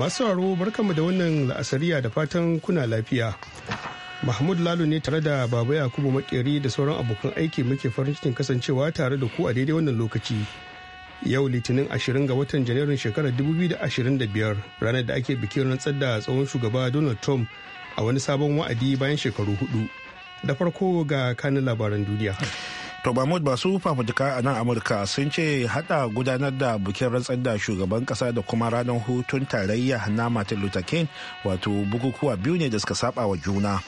Masu sauraro barkanmu da wannan la'asariya da fatan kuna lafiya. Mahmud Lalo ne tare da Baba Yakubu Makeri da sauran abokan aiki muke farin cikin kasancewa tare da ku a daidai wannan lokaci. Yau Litinin 20 ga watan Janairun shekarar 2025 ranar da ake bikin rantsar da tsohon shugaba Donald Trump a wani sabon wa'adi bayan shekaru hudu. Da farko ga kanin labaran duniya. to mahmud masu fafutuka a nan amurka sun ce hada gudanar da bukin rantsar da shugaban kasa da kuma ranar hutun tarayya na martin luther king wato bukukuwa biyu ne da suka saba wa juna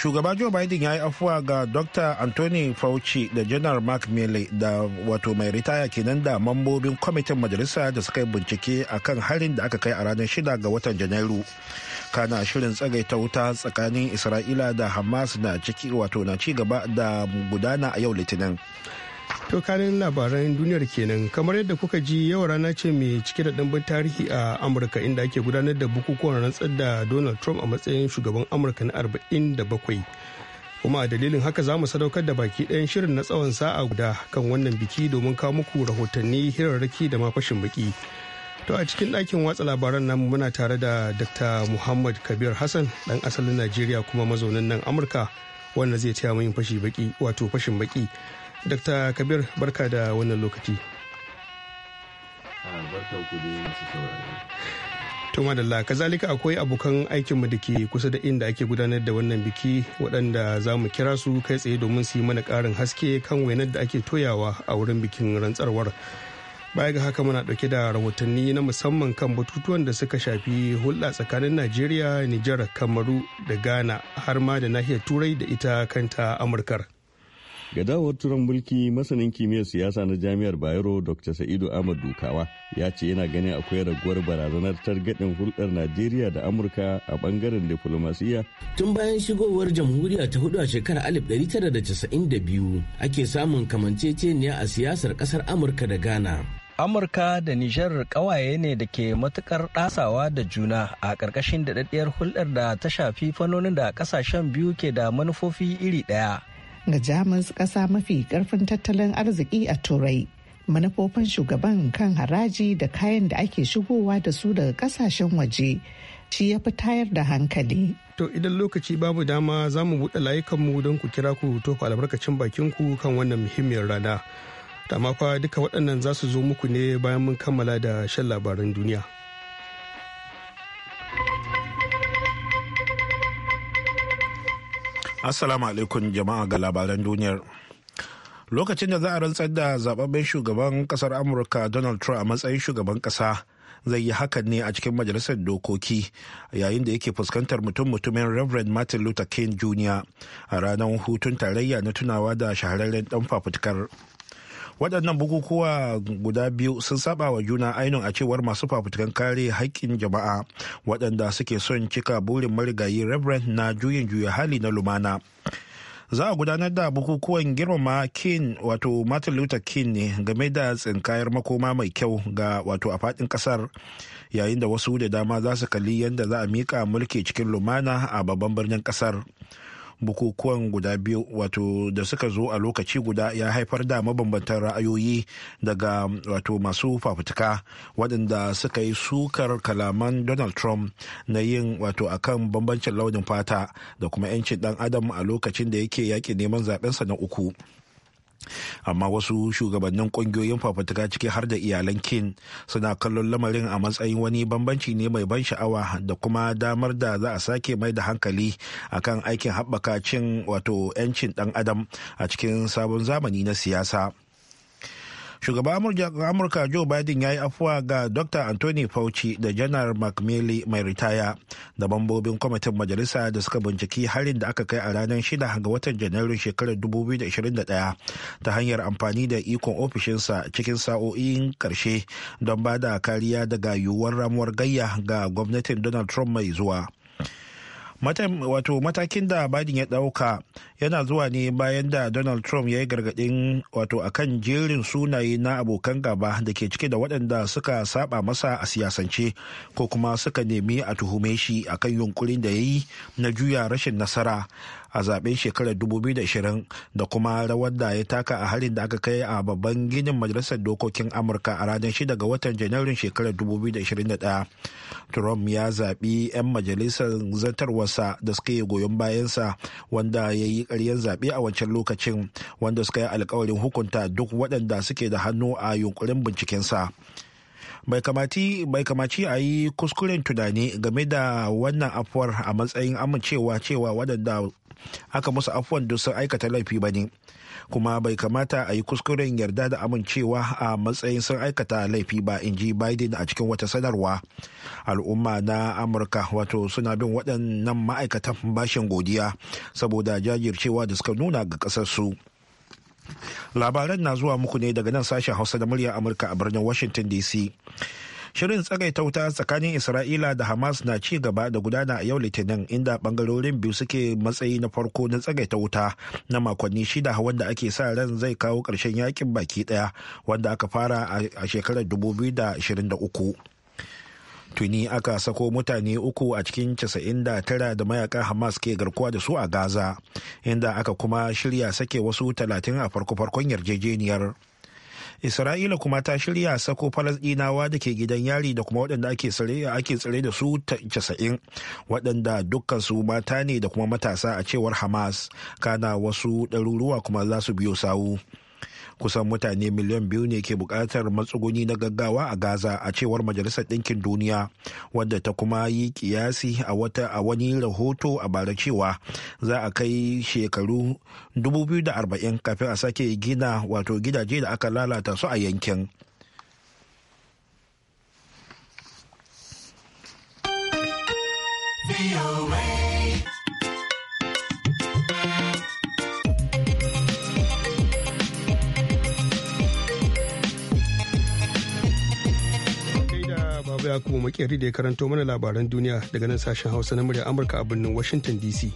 shugaba joe biden ya yi afuwa ga dr anthony fauci da janar mark milley da wato mai ritaya kenan da mambobin kwamitin majalisa da suka yi bincike akan harin da aka kai a ranar 6 ga watan janairu kana shirin tsagaita wuta tsakanin isra'ila da hamas na ciki wato na ci gaba da gudana a yau litinin to kanin labaran duniyar kenan kamar yadda kuka ji yau rana ce mai cike da ɗimbin tarihi a amurka inda ake gudanar da bukukuwan rantsar da donald trump a matsayin shugaban amurka na 47 kuma a dalilin haka za mu sadaukar da baki ɗayan shirin na tsawon sa'a guda kan wannan biki domin kawo muku rahotanni hirarraki da ma fashin baki. To a cikin ɗakin watsa labaran namu muna tare da Dr. Muhammad Kabir Hassan ɗan asalin Najeriya kuma mazaunin nan Amurka wanda zai taya min fashi baki wato fashin baki. Dr. Kabir barka da wannan lokaci. Ah, to madalla kazalika akwai abokan aikinmu da ke kusa da inda ake gudanar da wannan biki waɗanda za mu kira su kai tsaye domin su yi mana ƙarin haske kan wainar da ake toyawa a wurin bikin rantsarwar. baya ga haka muna dauke da rahotanni na musamman kan batutuwan da suka shafi hulɗa tsakanin najeriya nijar kamaru da ghana har ma da nahiyar turai da ita kanta amurkar. Ga dawowar turan mulki masanin kimiyyar siyasa na jami'ar Bayero Dr. Sa'idu Ahmad Dukawa ya ce yana ganin akwai raguwar barazanar targaɗin hulɗar Najeriya da Amurka a ɓangaren diflomasiyya. Tun bayan shigowar jamhuriya ta hudu a shekarar 1992 ake samun kamanceceniya a siyasar ƙasar Amurka da Ghana. Amurka da Nijar kawaye ne da ke matukar ɗasawa da juna a ƙarƙashin daɗaɗɗiyar hulɗar da ta shafi fannonin da ƙasashen biyu ke da manufofi iri ɗaya. ga jamus ƙasa mafi ƙarfin tattalin arziki a turai manufofin shugaban kan haraji da kayan da ake shigowa da su daga ƙasashen waje shi ya fi tayar da hankali to idan lokaci babu dama za mu buɗe layukanmu don ku kira ku tofa albarkacin bakin ku kan wannan muhimmiyar rana amma fa duka waɗannan za su zo muku ne bayan mun kammala da shan labaran duniya. Assalamu alaikum jama'a ga labaran duniyar. Lokacin da za a rantsar da zababben shugaban kasar Amurka Donald Trump a matsayin shugaban kasa zai yi hakan ne a cikin majalisar dokoki yayin da yake fuskantar mutum-mutumin Reverend Martin Luther King Jr. a ranar hutun tarayya na tunawa da shahararren dan fafutukar. waɗannan bukukuwa guda biyu sun saba wa juna ainihin a cewar masu fafutukan kare haƙƙin jama'a waɗanda suke son cika burin marigayi reverend na juyin juya hali na lumana za a gudanar da bukukuwan girmama kin wato martin luther king ne game da tsinkayar makoma mai kyau ga wato a faɗin ƙasar yayin da wasu da dama za su kalli yadda za a miƙa mulki cikin lumana a babban birnin ƙasar bukukuwan guda biyu wato da suka zo a lokaci guda ya haifar da mabambantan ra'ayoyi daga wato masu fafutuka waɗanda suka yi sukar kalaman donald trump na yin wato akan bambancin launin fata da kuma 'yancin ɗan adam a lokacin da yake yaƙi neman zaɓensa na uku. amma wasu shugabannin kungiyoyin fafutuka ciki har da iyalan kin suna kallon lamarin a matsayin wani bambanci ne mai ban sha'awa da kuma damar da za a sake mai da hankali akan aikin haɓaka cin wato 'yancin ɗan adam a cikin sabon zamani na siyasa. shugaban amurka joe biden ya yi afuwa ga dr anthony fauci da janar mcmillan mai ritaya da mambobin kwamitin majalisa da suka binciki harin da aka kai a ranar 6 ga watan janairun shekarar 2021 ta hanyar amfani da ikon ofishinsa cikin sa'o'in karshe don ba da kariya daga yiwuwar ramuwar gayya ga gwamnatin donald trump mai zuwa wato matakin da Biden ya ɗauka yana zuwa ne bayan da Donald Trump ya yi gargadin wato akan jerin sunaye na abokan gaba da ke cike da waɗanda suka saba masa a siyasance ko kuma suka nemi a tuhume shi akan yunkurin da ya yi na juya rashin nasara a zaben shekarar 2020 da kuma rawar da ya taka a harin da aka kai a babban ginin majalisar dokokin amurka a ranar 6 ga watan janairun shekarar 2021 trump ya zaɓi 'yan majalisar zartarwarsa da suka yi goyon bayansa wanda ya yi ƙaryen zaɓe a wancan lokacin wanda suka yi alkawarin hukunta duk waɗanda suke da hannu a yunkurin bincikensa. bai kamaci a yi kuskuren tunani game da wannan afuwar a matsayin amincewa cewa waɗanda aka musu afuwan duk sun aikata laifi ba ne kuma bai kamata a yi kuskuren yarda da amincewa a matsayin sun aikata laifi ba in ji biden a cikin wata sanarwa al'umma na amurka wato suna bin waɗannan ma'aikatan bashin godiya saboda jajircewa da suka nuna ga ƙasarsu labaran na zuwa muku ne daga nan sashen hausa da murya amurka a birnin washington dc shirin ta wuta tsakanin isra'ila da hamas na ci gaba da gudana a yau litinin inda bangarorin biyu suke matsayi na farko na tsagaita wuta na makonni shida wanda ake sa ran zai kawo ƙarshen yakin baki ɗaya wanda aka fara a shekarar 2023 tuni aka sako mutane uku a cikin 99 da mayakan hamas ke garkuwa da su a gaza inda aka kuma shirya sake wasu 30 a farko-farkon yarjejeniyar isra'ila kuma ta shirya sako falasdinawa da ke gidan yari da kuma waɗanda ake tsare da su casa'in waɗanda dukkan su mata ne da kuma matasa a cewar hamas kana wasu ɗaruruwa kuma za su biyo sawu kusan mutane miliyan biyu ne ke buƙatar matsuguni na gaggawa a gaza a cewar majalisar ɗinkin duniya wadda ta kuma yi kiyasi a wata a wani rahoto a bara cewa za a kai shekaru 2040 kafin a sake gina wato gidaje da aka lalata su a yankin be away. Baba ya kuma makeri da ya karanto mana labaran duniya daga nan sashen Hausa na murya Amurka a birnin Washington DC.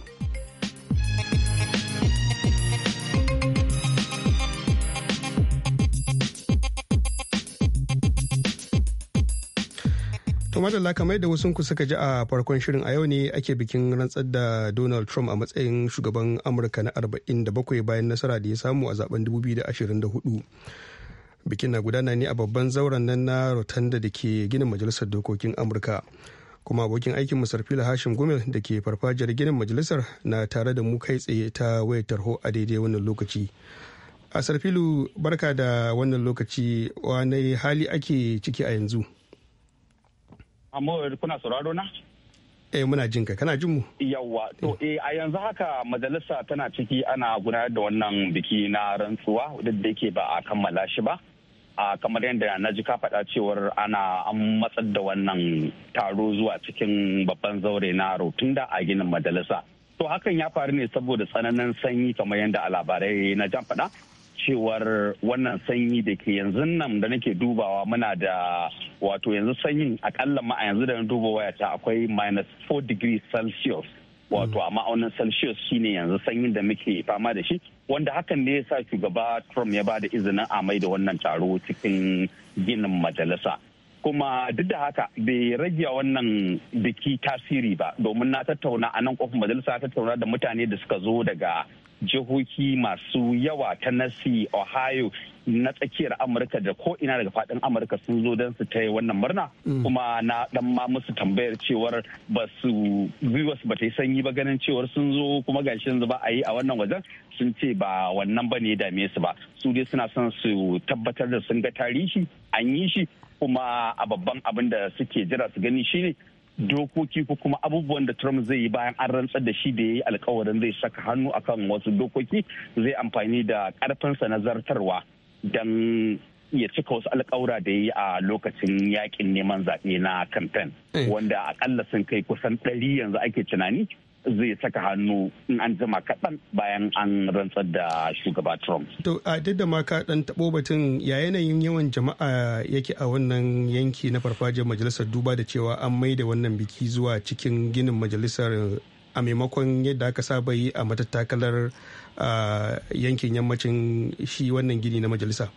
To madalla kamar da wasu suka ji a farkon shirin a yau ne ake bikin rantsar da Donald Trump a matsayin shugaban Amurka na 47 bayan nasara da ya samu a zaben 2024. bikin na gudana ne a babban zauren nan na rotunda da ke ginin majalisar dokokin amurka kuma abokin aikin musarfila hashim gumel da ke farfajiyar ginin majalisar na tare da mu kai tsaye ta wayar tarho a daidai wannan lokaci a sarfilu barka da wannan lokaci wani hali ake ciki a yanzu sauraro na eh muna jinka kana jin mu yawa to eh a yanzu haka majalisa tana ciki ana gudanar da wannan biki na rantsuwa duk yake ba a kammala shi ba a kamar yadda na ji ka faɗa cewar ana an matsar da wannan taro zuwa cikin babban zaure na rotunda a ginin majalisa to hakan ya faru ne saboda tsananin sanyi kamar yadda a labarai na jan faɗa cewar wannan sanyi da ke yanzu nan da nake dubawa muna da wato yanzu sanyin akalla ma a yanzu da na duba wayata akwai minus 4 degrees celsius wato hmm. a ma'aunin celsius shine yanzu sanyin da muke fama da shi wanda hakan ne ya sa shugaba trump ya ba da izinin a mai da wannan taro cikin ginin majalisa kuma duk da haka bai rage wannan biki tasiri ba domin na tattauna a nan kofin majalisa tattauna da mutane da suka zo daga jihohi masu yawa ta nasi ohio na tsakiyar amurka da ko ina daga fadin amurka sun zo don su ta yi wannan murna mm. kuma na dan ma musu tambayar cewar ba su gwiwas ba ta yi sanyi ba ganin cewar sun zo kuma gashi yanzu ba a yi a wannan wajen sun ce ba wannan ba ne dame su ba su dai suna son su tabbatar da sun ga tarihi an yi shi kuma a babban abin da suke jira su gani shine dokoki ko kuma abubuwan da Trump zai yi bayan an rantsar da shi da ya yi alkawarin zai saka hannu akan wasu dokoki zai amfani da karfinsa na zartarwa don ya cika wasu alkawura da ya yi a lokacin yakin neman zaɓe na kamfen eh. wanda akalla sun kai kusan ɗari yanzu ake tunani zai saka hannu in an jima kaɗan bayan an rantsar da shugaba Trump. To a duk da ma ɗan taɓo batun ya yanayin yawan jama'a yake a wannan yanki na farfajiyar majalisar duba da cewa an mai da wannan biki zuwa cikin ginin majalisar a maimakon yadda aka saba yi a matattakalar a yankin yammacin shi wannan gini na majalisa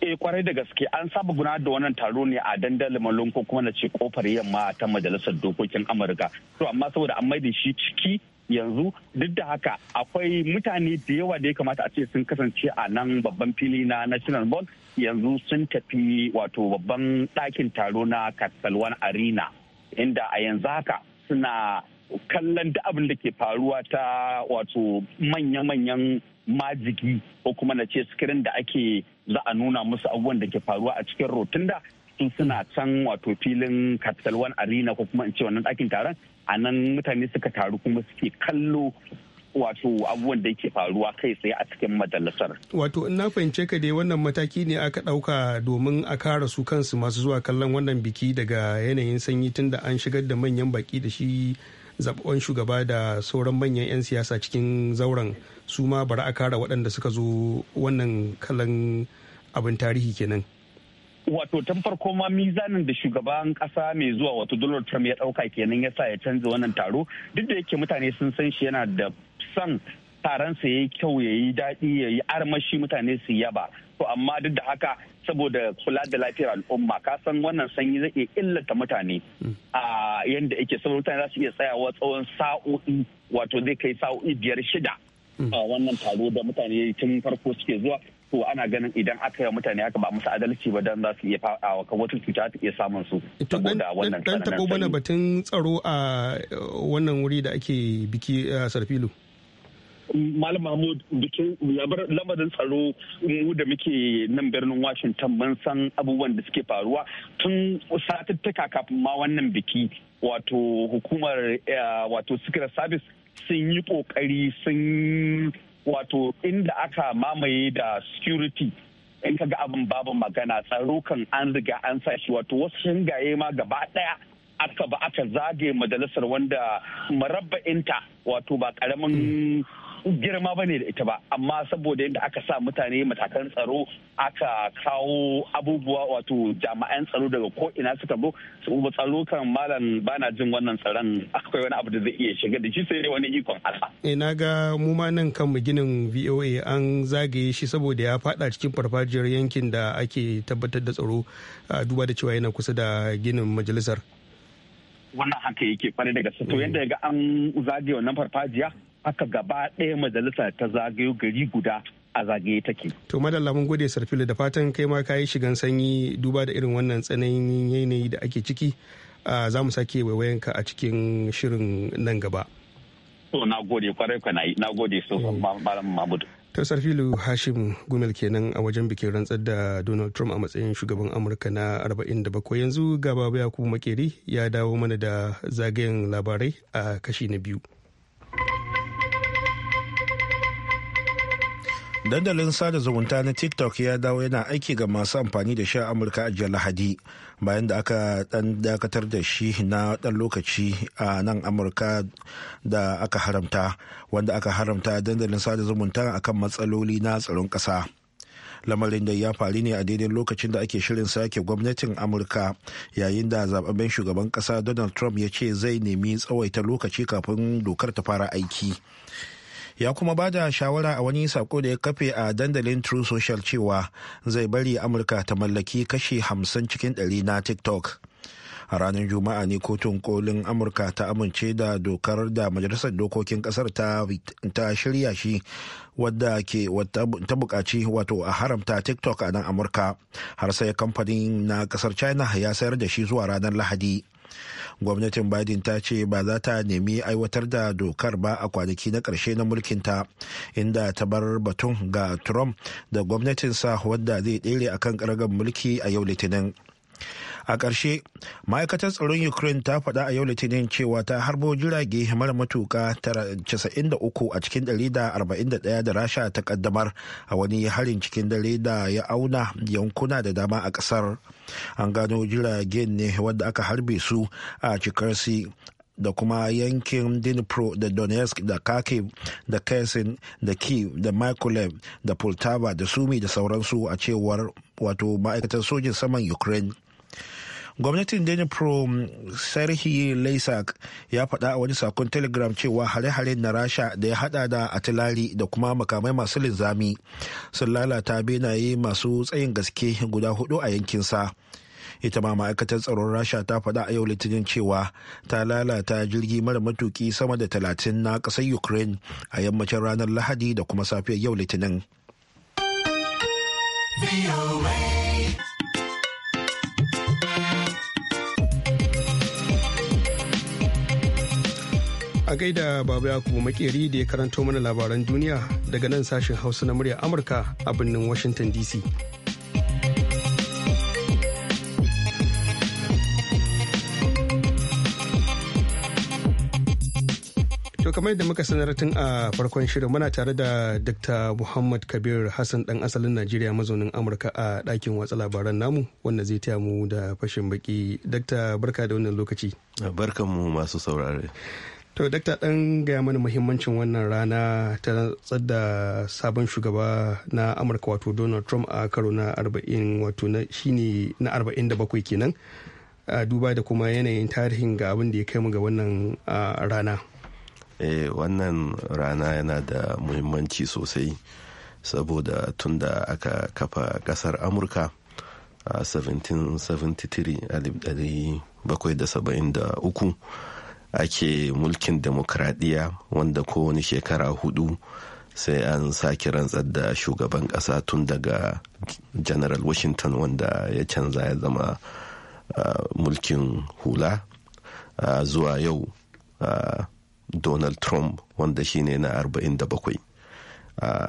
eh kwarai da gaske an saba guna da wannan taro ne a dandalin malon ko kuma na ce kofar yamma ta majalisar dokokin amurka to amma saboda an maida shi ciki yanzu duk da haka akwai mutane da yawa da ya kamata a ce sun kasance a nan babban fili na national mall yanzu sun tafi wato babban ɗakin taro na katsalwan arena inda a yanzu haka suna kallon duk abin da ke faruwa ta wato manya-manyan majigi ko kuma na ce sikirin da ake za a nuna musu abubuwan da ke faruwa a cikin rotunda sun suna can wato filin capital one arena ko kuma in ce wannan ɗakin taron a nan mutane suka taru kuma suke kallo wato abubuwan da ke faruwa kai tsaye a cikin majalisar. Wato in na fahimce ka dai wannan mataki ne aka ɗauka domin a kara su kansu masu zuwa kallon wannan biki daga yanayin sanyi tunda an shigar da manyan baki da shi zaɓen shugaba da sauran manyan 'yan siyasa cikin zauren su ma bari a kara waɗanda suka zo wannan kalan abin tarihi kenan. wato tun farko ma mizanin da shugaban kasa mai zuwa wato donald trump ya ɗauka kenan ya sa ya canza wannan taro duk da yake mutane sun san shi yana da son taransa ya yi kyau ya yi daɗi ya yi armashi mutane su yaba to amma duk da haka saboda kula da lafiyar al'umma ka san wannan sanyi zai iya illata mutane a yadda yake saboda mutane za su iya tsayawa tsawon sa'o'i wato zai kai sa'o'i biyar shida a wannan taro da mutane tun farko suke zuwa to ana ganin idan aka yi mutane haka ba musu adalci ba dan za su iya faɗawa wata cuta ta iya samun su saboda wannan batun tsaro a uh, wannan wuri da ake biki a uh, sarfilu Malam Mahmud bikin lamarin tsaro mu da muke nan birnin Washington mun san abubuwan da suke faruwa tun satuttuka kafin ma wannan biki wato hukumar eh, wato Secret Service sun yi kokari sun wato inda aka mamaye da security in ka ga abin babu magana tsaro kan an riga an sa shi wato wasu shingaye ma gaba daya aka ba aka zage majalisar wanda marabba'inta wato ba karamin girma ba ne da ita ba amma saboda yadda aka sa mutane matakan tsaro aka kawo abubuwa wato jami'an tsaro daga ko ina suka zo su tsaro kan malam bana jin wannan tsaron akwai wani abu da zai iya shiga da shi sai dai wani ikon Allah eh na ga mu ma nan kan ginin VOA an zagaye shi saboda ya fada cikin farfajiyar yankin da ake tabbatar da tsaro duba da cewa yana kusa da ginin majalisar wannan haka yake kwarai daga sato mm. yadda ga an zagaye wannan farfajiya haka gaba ɗaya majalisa ta zagayo gari guda a zagaye take. To madalla mun gode sarfili da fatan kai ma kayi shigan sanyi duba da irin wannan tsananin yanayi da ake ciki za mu sake ka a cikin shirin nan gaba. To na gode kwarai na gode so eh. malam Mahmud. Ta sarfilu hashim gumel kenan a wajen bikin rantsar da donald trump a matsayin shugaban amurka na 47 yanzu gaba ya kuma makeri ya dawo mana da zagayen labarai a kashi na biyu dandalin sada zumunta na tiktok ya dawo yana aiki ga masu amfani da shi a amurka a jiya lahadi bayan da aka dan dakatar da shi na dan lokaci a nan amurka da aka haramta wanda aka haramta dandalin sada zumunta akan matsaloli na tsaron kasa lamarin da ya faru ne a daidai lokacin da ake shirin sake gwamnatin amurka yayin da zababben shugaban kasa donald trump ya ce zai nemi tsawaita lokaci kafin dokar ta fara aiki ya kuma ba da shawara a wani sako da ya kafe a dandalin true social cewa zai bari amurka ta mallaki kashi 50 cikin 100 na tiktok a ranar juma'a ne kotun kolin amurka ta amince da dokar da majalisar dokokin kasar ta shirya shi wadda ke ta bukaci wato a haramta tiktok a nan amurka har sai kamfanin na kasar china ya sayar da shi zuwa ranar lahadi gwamnatin biden ta ce ba za ta nemi aiwatar da dokar ba a kwanaki na karshe na mulkinta inda ta bar batun ga trump da gwamnatinsa wadda zai ɗere akan kan mulki a yau litinin a ƙarshe ma'aikatar tsaron ukraine ta faɗa a yau litinin cewa ta harbo jirage mara matuka 93 a cikin 141 da rasha ta kaddamar a wani harin cikin dare da ya auna yankuna da dama a ƙasar an gano jiragen ne wadda aka harbe su a cikarsi da kuma yankin dinpro da donetsk da kharkiv da kesin da kiev da mikulev da poltava da sumi da sauransu a cewar wato ma'aikatar sojin saman ukraine gwamnatin Daniel pro mm, sarhi laisak ya faɗa a wani sakon telegram cewa hare hare na rasha da ya hada da atilari da kuma makamai masu linzami sun lalata benaye masu tsayin gaske guda hudu a yankinsa ita ma ma'aikatar tsaron rasha ta faɗa a yau litinin cewa ta lalata jirgi mara matuki sama da talatin na ƙasar ukraine a yammacin ranar lahadi da kuma safiyar yau litinin. a gaida baba yakubu makeri da ya karanto mana labaran duniya daga nan sashen hausa na murya amurka a birnin washington dc To kamar yadda muka sanar tun a farkon shirin muna tare da Dr. Muhammad Kabir Hassan dan asalin Najeriya mazaunin Amurka a ɗakin watsa labaran namu wanda zai taya mu da fashin baki. Dr. barka da wannan lokaci. Barkan masu saurare. to dakta ɗan gaya mana muhimmancin wannan rana ta rantsar da sabon shugaba na amurka wato donald trump a karo na 40 wato na shine na 47 kenan a duba da kuma yanayin tarihin ga abin da ya kai mu ga wannan rana eh wannan rana yana da muhimmanci sosai saboda tun da aka kafa kasar amurka a 1773 a 1773 ake mulkin demokradiyya wanda kowane shekara hudu sai an sake rantsar da shugaban kasa tun daga general washington wanda ya canza ya zama mulkin hula zuwa yau donald trump wanda shine na 47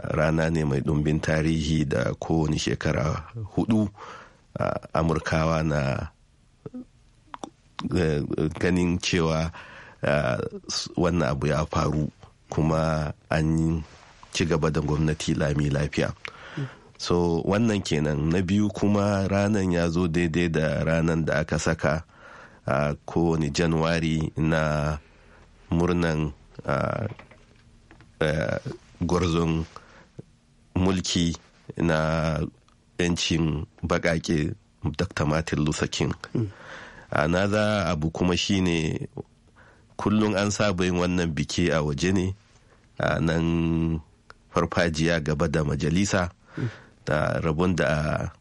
rana ne mai ɗumbin tarihi da kowane shekara hudu amurkawa na eh, ganin cewa wannan abu ya faru kuma an ci gaba da gwamnati lami lafiya so wannan kenan na biyu kuma ranan ya zo daidai da ranan da aka saka a kowane januwari na murnan gwarzon mulki na 'yancin bakake dr martin luther king hmm. Na za abu kuma shine kullum an saba yin wannan biki a waje ne a nan farfajiya gaba da majalisa da rabon da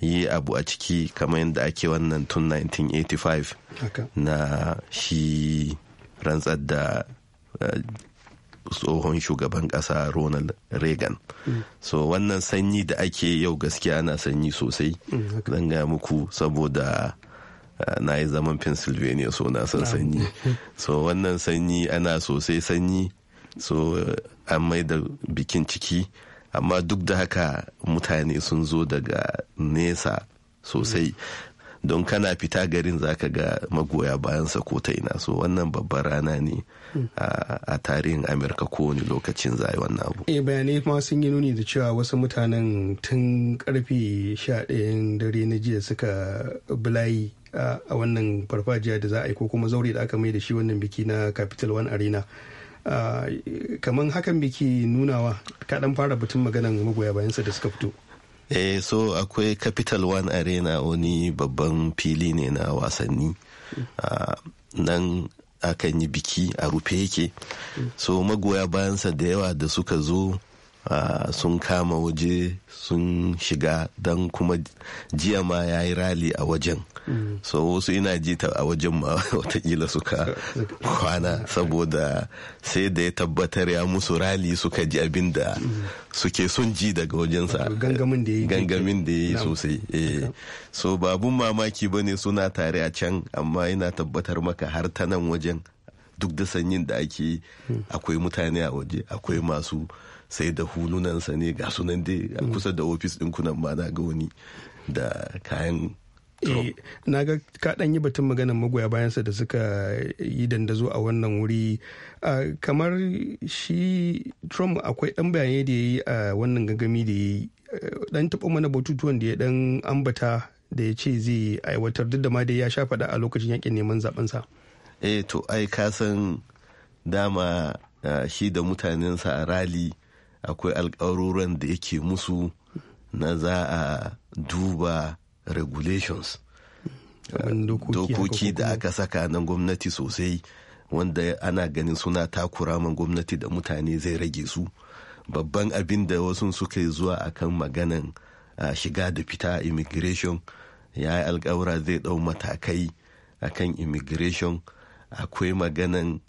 yi abu a ciki kamar yadda ake wannan tun 1985 na shi rantsar da eh, tsohon shugaban kasa ronald reagan mm. so wannan sanyi da ake yau gaskiya ana sanyi sosai don mm, ga muku saboda na yi zaman pennsylvania so na san sanyi so wannan sanyi ana sosai sanyi so an mai da bikin ciki amma duk da haka mutane sun zo daga nesa sosai don kana fita garin zaka ga magoya sa ko ina so wannan babbar rana ne hmm. a tarihin amurka kowane lokacin zai wannan abu e bayanai ma sun yi nuni da cewa wasu mutanen tun karfe 11 dare na jiya suka bulayi a wannan farfajiya da za a yi ko kuma zaure da aka mai da shi wannan biki na capital one arena kamar hakan biki nunawa kaɗan fara batun maganan magoya bayansa da suka fito eh so akwai capital one arena wani babban fili ne na wasanni nan akan yi biki a rufe yake so magoya bayansa da yawa da suka zo sun kama waje sun shiga don kuma jiya ma ya yi rali a wajen so wasu ina ji ta a wajen ma watakila suka kwana saboda sai da ya tabbatar ya musu rali suka ji abin da suke sun ji daga wajensa gangamin da ya yi sosai eh. so babun mamaki ba ne suna tare a can amma ina tabbatar maka har ta nan wajen duk da sanyin da ake hmm. akwai mutane a waje akwai masu sai da hulunansa ne ga sunan dai a mm. kusa da ofis ɗin kunan ma na ga wani da kayan eh, na ga ka ɗan yi batun maganan magoya bayansa da suka yi dandazo a wannan wuri ah, kamar shi trump akwai ɗan bayanai da ya yi a wannan gangami da ya yi dan eh, taɓa mana batutuwan da ya dan ambata da ya ce zai aiwatar duk da ma da ya sha faɗa a lokacin yakin neman zabensa eh to ai ka san dama ah, shi da mutanensa a rali akwai alkawarorin da yake musu na za a duba regulations dokoki da aka saka na gwamnati sosai wanda ana ganin suna takura man gwamnati da mutane zai rage su babban abin da wasu suka yi zuwa akan maganan shiga da fita immigration ya yi alkawura zai ɗau matakai akan immigration akwai maganan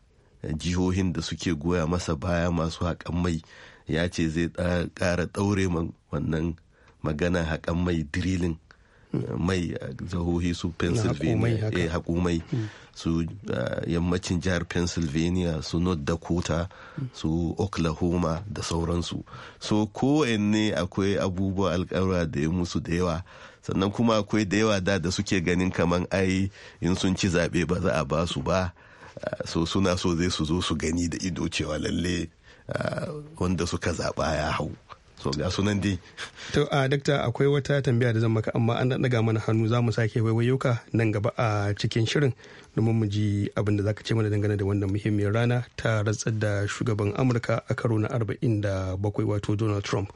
jihohin da suke goya masa baya masu haƙan mai ya ce zai ƙara ɗaure man wannan magana haƙan mai dirilin mai zahohi jihohi su pennsylvania eh, hmm. su yammacin jihar pennsylvania su north dakota hmm. su oklahoma da sauransu so kowanne akwai abubuwa alkawura da ya musu da yawa sannan kuma akwai da yawa da da suke ganin kamar ai in sun ci zaɓe ba za a ba su ba so suna so zai su zo su gani da ido cewa lalle Eh, wanda suka zaba ya hau so ga sunan dai to a dakta akwai wata tambaya da zan maka amma an daga mana hannu za mu sake waiwayoka nan gaba a cikin shirin domin mu ji abin da zaka ce mana dangane da wannan muhimmiyar rana ta ratsar da shugaban amurka a karo na 47 wato donald trump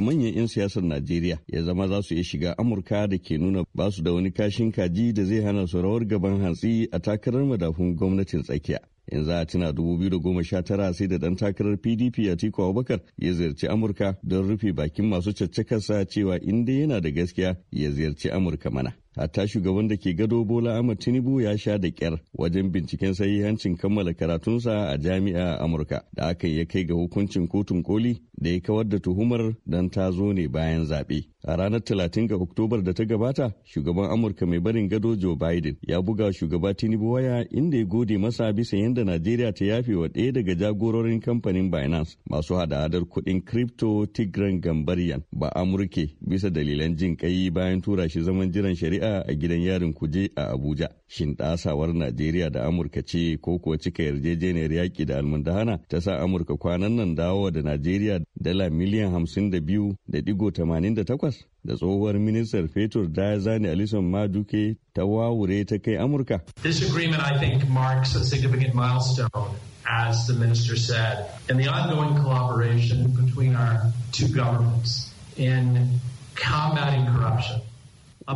manyan 'yan siyasar Najeriya ya zama za su iya shiga Amurka da ke nuna ba su da wani kashin kaji da zai hana su rawar gaban hantsi a takarar madafun gwamnatin tsakiya. in za a tuna 2019 sai da dan takarar pdp tiko abubakar ya ziyarci amurka don rufe bakin masu caccakarsa cewa inda yana da gaskiya ya ziyarci amurka mana hatta shugaban da ke gado bola ahmad tinubu ya sha da kyar wajen binciken sahihancin kammala karatunsa a jami'a a amurka da aka ya kai ga hukuncin kotun koli da ya kawar da tuhumar don ta zo ne bayan zaɓe A ranar 30 ga Oktobar da ta gabata, shugaban Amurka mai barin gado Joe Biden ya buga shugaba Tinubu waya inda ya gode masa bisa yadda Najeriya ta yafe wa ɗaya daga jagororin kamfanin Binance masu hada-hadar kuɗin crypto Tigran Gambarian ba Amurke bisa dalilan jin kai bayan tura shi zaman jiran shari'a a gidan yarin kuje a Abuja. Shin ɗasawar Najeriya da Amurka ce ko kuwa cika yarjejeniyar yaƙi da almundahana ta sa Amurka kwanan nan dawo da Najeriya dala miliyan hamsin da biyu da digo tamanin da takwas da tsohuwar ministar fetur Alison Maduke ta wawure ta kai Amurka. This agreement I think marks a significant milestone as the minister said in the ongoing collaboration between our two governments in combating corruption.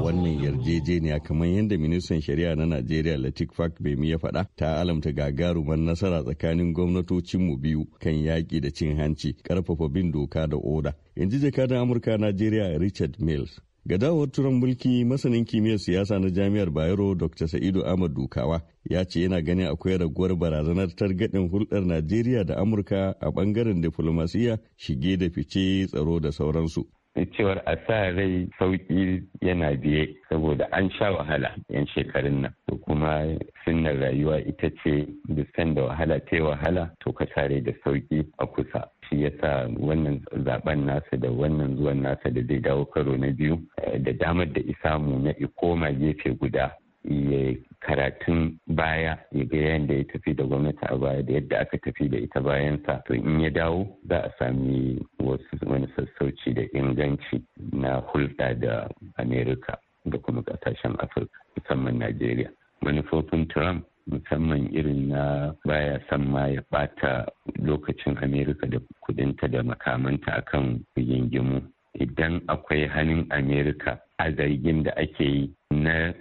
Wannan yarjejeniya kamar yadda ministan shari'a na Najeriya Latik bemi ya faɗa ta alamta gagarumar nasara tsakanin gwamnatocinmu biyu kan yaƙi da cin hanci, ƙarfafa bin doka da oda. In ji jakadan Amurka Najeriya Richard Mills. Ga dawowar turan mulki masanin kimiyyar siyasa na jami'ar Bayero Dr. Sa'idu Ahmad Dukawa ya ce yana ganin akwai raguwar barazanar targaɗin hulɗar Najeriya da Amurka a ɓangaren diflomasiyya shige da fice tsaro da sauransu. cewar a sa rai sauƙi yana biye saboda an sha wahala yan shekarun nan to kuma sunnar rayuwa ita ce duk da wahala ta wahala to ka sa da sauƙi a kusa shi yasa wannan zaben nasa da wannan zuwan nasa da zai dawo karo na biyu eh, da damar da isamu na ikoma gefe guda ya karatun baya ya ga yadda ya tafi da gwamnati a baya da yadda aka tafi da ita bayansa to in ya dawo za a sami wasu wani sassauci da inganci na hulɗa da amerika da kuma ƙasashen afirka musamman najeriya manufofin trump musamman irin na baya san ma ya bata lokacin amerika da kudinta da makamanta akan rigingimu idan akwai hannun amerika a zargin da ake yi na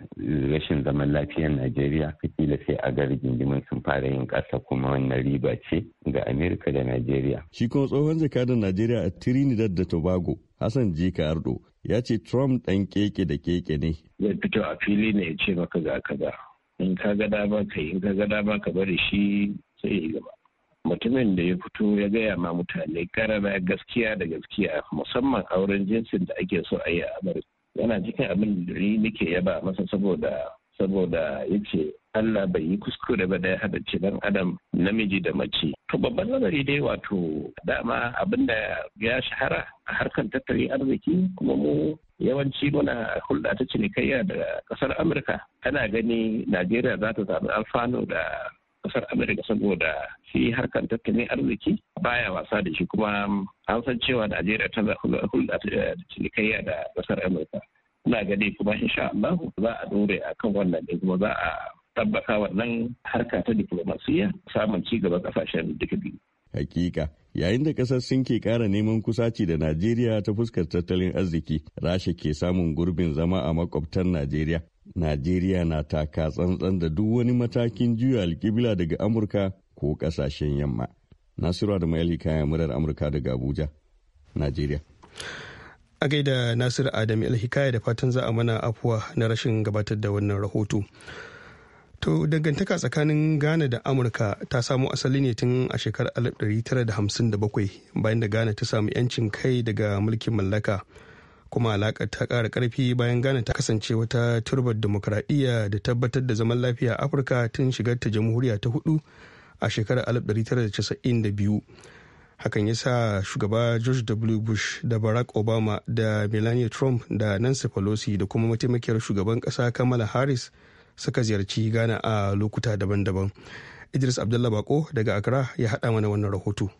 rashin zaman lafiyar najeriya kila sai a ga rigingimin sun fara yin ƙasa kuma wannan riba ce ga amerika da najeriya shi kuma tsohon jakadar najeriya a trinidad da tobago hassan jika ardo ya ce trump ɗan keke da keke ne zai fito a fili ne ya ce maka ga kaza in ka ga dama ka in ka ga dama ka bari shi sai ya gaba mutumin da ya fito ya gaya ma mutane karara gaskiya da gaskiya musamman auren jinsin da ake so a yi a amurka yana cikin abin da ni nake yaba masa saboda saboda yake Allah bai yi kuskure ba da ya hada ce dan adam namiji da mace. To babban nazari dai wato dama abin da ya shahara a harkar tattalin arziki kuma mu yawanci muna hulɗa ta cinikayya da ƙasar Amurka. Ana gani Najeriya za ta samu alfanu da kasar amerika saboda shi harkar tattalin arziki baya wasa da shi kuma an san cewa najeriya ta hulɗa da cinikayya da kasar amurka ina gani kuma insha Allah za a dore a kan wannan ne kuma za a tabbata wannan harka ta diplomasiya samun ci gaba kasashen duka biyu. Hakika yayin da kasar sun ke kara neman kusaci da Najeriya ta fuskar tattalin arziki, Rasha ke samun gurbin zama a makwabtar Najeriya Najeriya na taka tsantsan da duk wani matakin juya alkibla daga Amurka ko ƙasashen yamma. Nasiru da Mayali kayan murar Amurka daga Abuja, Najeriya. A gaida Nasiru Adam Hikaya da fatan za a mana afuwa na rashin gabatar da wannan rahoto. To dangantaka tsakanin Ghana da Amurka ta samo asali ne tun a shekarar 1957 bayan da Ghana ta samu 'yancin kai daga mulkin mallaka. kuma alaƙar ta ƙara ƙarfi bayan ghana ta kasance wata turbar demokuraɗiyya da tabbatar da zaman lafiya a afirka tun shigar ta jamhuriya ta hudu a shekarar 1992 hakan ya sa shugaba george w bush da barack obama da melania trump da nancy pelosi da kuma mataimakiyar shugaban ƙasa kamala harris suka ziyarci ghana a lokuta daban-daban idris abdullah bako daga accra ya haɗa mana wannan rahoto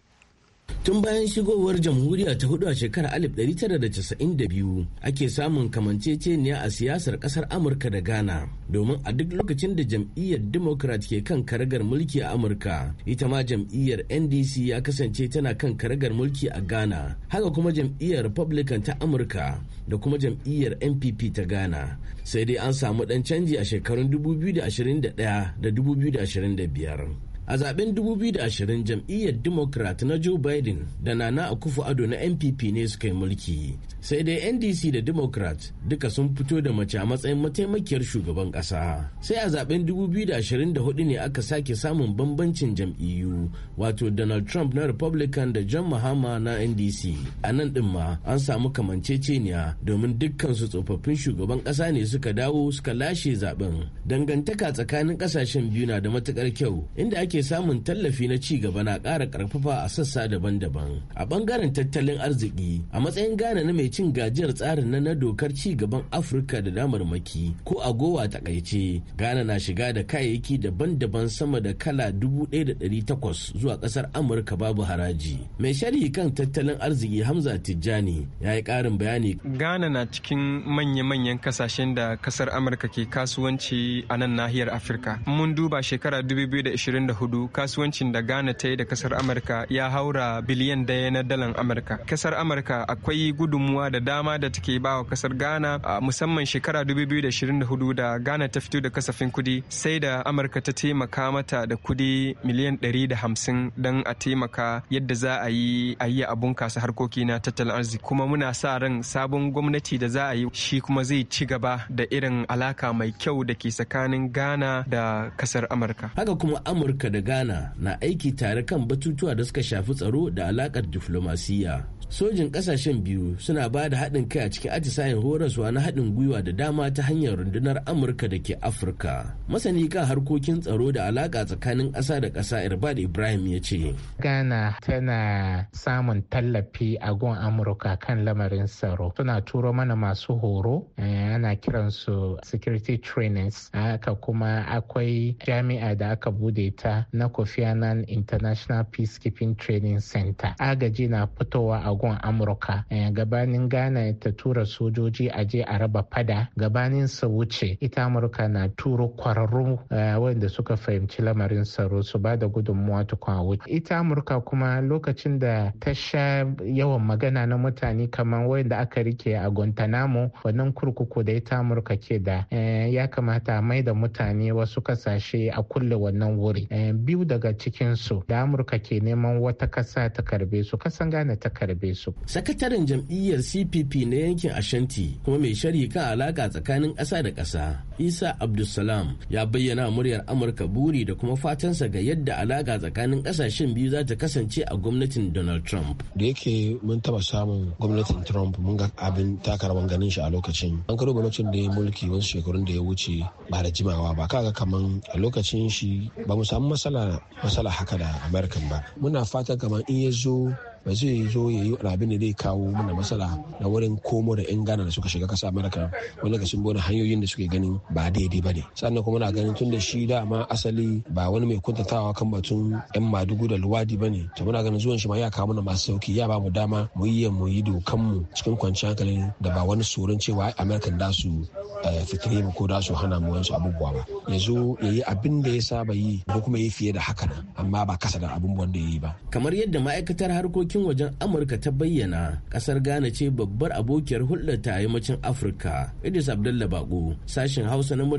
tun bayan shigowar jamhuriya ta hudu a shekarar 1992 ake samun kamanceceniya a siyasar kasar amurka da ghana domin a duk lokacin da jam'iyyar democrat ke kan karagar mulki a amurka ita ma jam'iyyar ndc ya kasance tana kan karagar mulki a ghana haka kuma jam'iyyar republican ta amurka da kuma jam'iyyar npp ta ghana sai dai an samu dan canji a shekarun 2021 da 2025 a zaben 2020 jam'iyyar democrat na joe biden da nana akufu ado na npp ne suka yi mulki sai dai ndc da democrat duka sun fito da mace a matsayin mataimakiyar shugaban kasa sai a zaben 2024 ne aka sake samun bambancin jam'iyyu wato donald trump na republican da john mahama na ndc a nan din ma an samu kamanceceniya domin dukkan su tsofaffin shugaban kasa ne suka dawo suka lashe zaben dangantaka tsakanin kasashen biyu na da matukar kyau inda ake samun tallafi na ci gaba na kara karfafa a sassa daban-daban a bangaren tattalin arziki a matsayin ghana na mai cin gajiyar tsarin na na dokar ci gaban afirka da damarmaki ko a agowa takaice ghana na shiga da kayayyaki daban-daban sama da kala dubu da 1,800 zuwa ƙasar amurka babu haraji mai sharhi kan tattalin arziki hamza tijjani ya yi karin bayani ghana na cikin manya-manyan kasashen da kasar amurka ke kasuwanci a nan nahiyar afirka mun duba shekara 2024 kudu kasuwancin da Ghana ta yi da kasar Amurka ya haura biliyan daya na dalar Amurka. Kasar Amurka akwai gudunmuwa da dama da take ba wa kasar Ghana musamman shekara 2024 da Ghana ta fito da kasafin kudi sai da Amurka ta taimaka mata da kudi miliyan 150 don a taimaka yadda za a yi a yi a bunkasa harkoki na tattalin arziki kuma muna sa ran sabon gwamnati da za a yi shi kuma zai ci gaba da irin alaka mai kyau da ke tsakanin Ghana da kasar Amurka. Haka kuma Amurka da ghana na aiki tare kan batutuwa da suka shafi tsaro da alakar diflomasiyya sojin kasashen biyu suna ba da haɗin kai a cikin atisayen horaswa na haɗin gwiwa da dama ta hanyar rundunar amurka da ke afirka masani kan harkokin tsaro da alaƙa tsakanin ƙasa da ƙasa irbad ibrahim ya ce ghana tana samun tallafi a gun amurka kan lamarin tsaro suna turo mana masu horo eh, ana kiran su security trainers haka kuma akwai jami'a da aka bude ta na kofi annan international peacekeeping training center agaji na fitowa a gun amurka eh, gabanin ghana ta tura sojoji a je a raba fada gabanin sa wuce ita amurka na turo kwararru eh, wanda suka fahimci lamarin tsaro su ba da gudunmuwa tukun a wuce ita amurka kuma lokacin da ta sha yawan magana na mutane kamar wanda aka rike a guantanamo wannan kurkuku da ita amurka ke da eh, ya kamata a mai da mutane wasu kasashe a kulle wannan wuri biyu daga cikinsu da amurka ke neman wata kasa ta karbe su kasan gane ta karbe su. sakataren jam'iyyar cpp na yankin ashanti kuma mai shari kan alaka tsakanin ƙasa da ƙasa isa abdulsalam ya bayyana muryar amurka buri da kuma fatansa ga yadda alaka tsakanin ƙasashen biyu za ta kasance a gwamnatin donald trump da yake mun taba samun gwamnatin trump mun ga abin takarawan ganin shi a lokacin an karo gwamnatin da ya mulki wasu shekarun da ya wuce ba da jimawa ba kaga kaman a lokacin shi ba mu samu matsala haka da american ba muna fatan kaman in ya zo ba zai zo ya yi rabin da zai kawo mana matsala na wurin komo da 'yan Gana da suka shiga kasa Amurka wanda ga sun hanyoyin da suke ganin ba daidai ba ne. Sannan kuma na ganin tun da shi da dama asali ba wani mai kuntatawa kan batun 'yan madugu da luwadi ba ne. To muna ganin zuwan shi ma ya kawo mana masu sauki ya ba mu dama mu yi mu yi dokanmu cikin kwanciyar hankali da ba wani tsoron cewa Amurka da su eh, fitire mu ko da su hana mu wasu abubuwa ba. Ya zo ya yi abin da ya saba yi ko kuma ya fiye da haka amma ba kasa da abubuwan da ya yi ba. Kamar yadda ma'aikatar harkokin harkokin wajen amurka ta bayyana kasar ghana ce babbar abokiyar hulɗar ta yammacin afirka idris abdullahi bako sashen hausa na